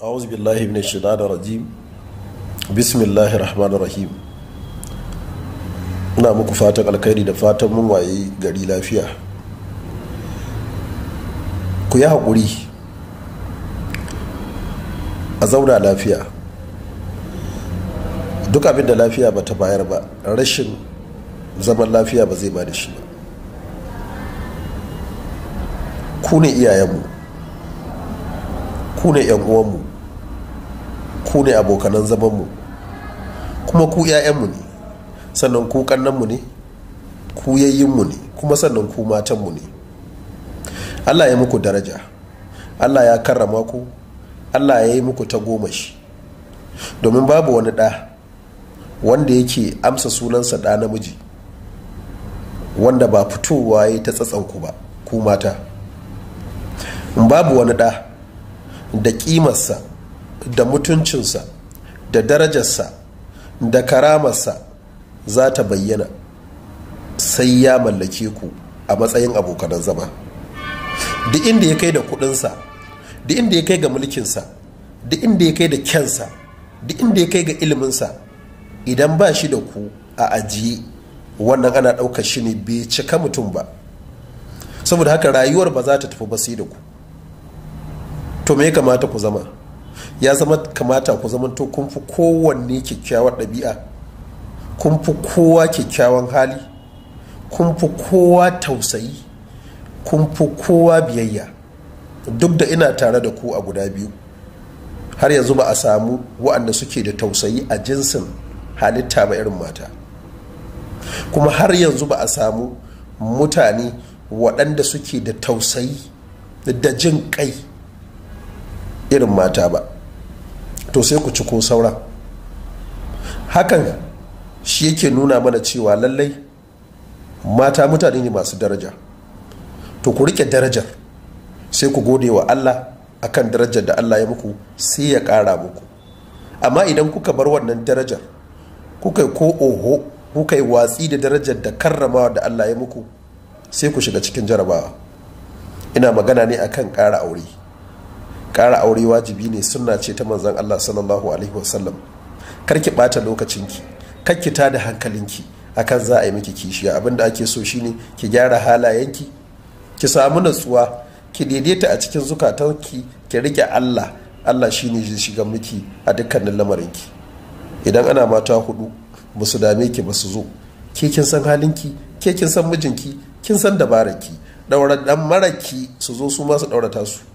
أعوذ بالله من الشيطان الرجيم بسم الله الرحمن الرحيم ina muku fatan alkhairi da fatan mun waye gari lafiya ku yi haƙuri a zauna lafiya duk abin da lafiya ba ta bayar ba rashin zaman lafiya ba zai ba da shi ba ku ne iyayenmu ku ne 'yan uwanmu ku ne abokanan zamanmu kuma ku 'ya'yanmu ne sannan ku ƙannanmu ne ku yayyinmu ne kuma sannan ku matanmu ne allah ya muku daraja allah ya karrama ku allah ya yi muku ta gomashi domin babu wani ɗa wanda yake amsa sunansa ɗa namiji wanda ba fitowa ya ta tsatsanku ba ku mata babu wani ɗa da ƙimarsa da mutuncinsa da darajarsa da karamarsa za ta bayyana sai ya mallake ku a matsayin abokan zama duk inda ya kai da kudinsa duk inda ya kai ga mulkinsa duk inda ya kai da kyansa duk inda ya kai ga iliminsa idan ba shi da ku a ajiye wannan ana ɗaukar shi ne bai cika mutum ba saboda haka rayuwar ba za ta tafi ba sai da ku to me ya kamata ku zama ya zama kamata ku zama to kun fi kowanne kyakkyawar ɗabi'a kun fi kowa kyakkyawan hali kun fi kowa tausayi kun fi kowa biyayya duk da ina tare da ku a guda biyu har yanzu ba a samu waɗanda suke da tausayi a jinsin halitta ba irin mata kuma har yanzu ba a samu mutane waɗanda suke da tausayi da jin kai irin mata ba to sai ku ci ko sauran hakan shi yake nuna mana cewa lallai mata mutane ne masu daraja to ku rike darajar sai ku gode wa allah akan darajar da allah ya muku sai ya kara muku amma idan kuka bar wannan darajar kuka ko oho kuka yi watsi da darajar da karramawa da allah ya muku sai ku shiga cikin jarabawa ina magana ne akan kara aure ƙara aure wajibi ne sunna ce ta manzon Allah sallallahu alaihi wasallam kar ki ɓata lokacinki kar ki da hankalinki akan za a yi miki kishiya abinda ake so shine ki gyara halayenki ki samu natsuwa ki daidaita a cikin zukatanki ki rike Allah Allah shine zai shiga miki a dukkanin lamarinki idan ana mata hudu ba su dame ki ba su zo ke kin san halinki ke kin san mijinki kin san dabararki ɗaura dan maraki su zo su ma su daurata su